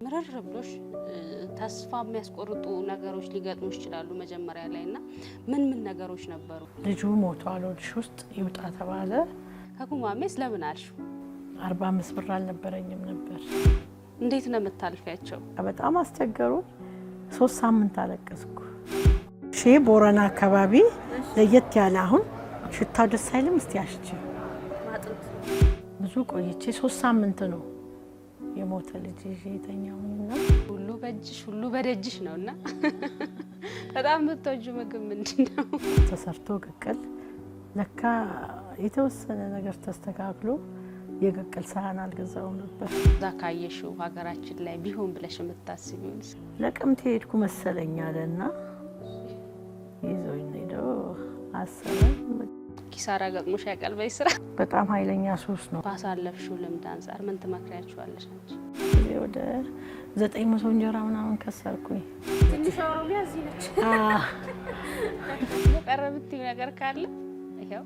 ምርር ብሎሽ ተስፋ የሚያስቆርጡ ነገሮች ሊገጥሙ ይችላሉ መጀመሪያ ላይ እና ምን ምን ነገሮች ነበሩ? ልጁ ሞቷል ሆድሽ ውስጥ ይውጣ ተባለ። ከጉማሜስ ለምን አልሽው? አርባ አምስት ብር አልነበረኝም ነበር። እንዴት ነው የምታልፊያቸው? በጣም አስቸገሩ። ሶስት ሳምንት አለቀስኩ። ሺ ቦረና አካባቢ ለየት ያለ አሁን ሽታው ደስ አይልም። እስቲ አሽች ብዙ ቆይቼ ሶስት ሳምንት ነው የሞተ ልጅ ይዤ የተኛውና ሁሉ በእጅሽ ሁሉ በደጅሽ ነው እና በጣም ምትወጁ ምግብ ምንድን ነው? ተሰርቶ ቅቅል ለካ የተወሰነ ነገር ተስተካክሎ የቅቅል ሳህን አልገዛው ነበር። እዛ ካየሽው ሀገራችን ላይ ቢሆን ብለሽ የምታስቢው ለቅምት ሄድኩ መሰለኝ አለና ይዞኝ ሄደው አሰበ ኪሳራ ገጥሞሽ ያውቃል? በዚህ ስራ በጣም ኃይለኛ ሱስ ነው። ባሳለፍሽው ልምድ አንጻር ምን ትመክሪያቸዋለሽ? አንቺ ወደ ዘጠኝ መቶ እንጀራ ምናምን ከሰርኩኝ። ትንሽ ኦሮሚያ እዚህ ነች። የቀረ ነገር ካለ ይኸው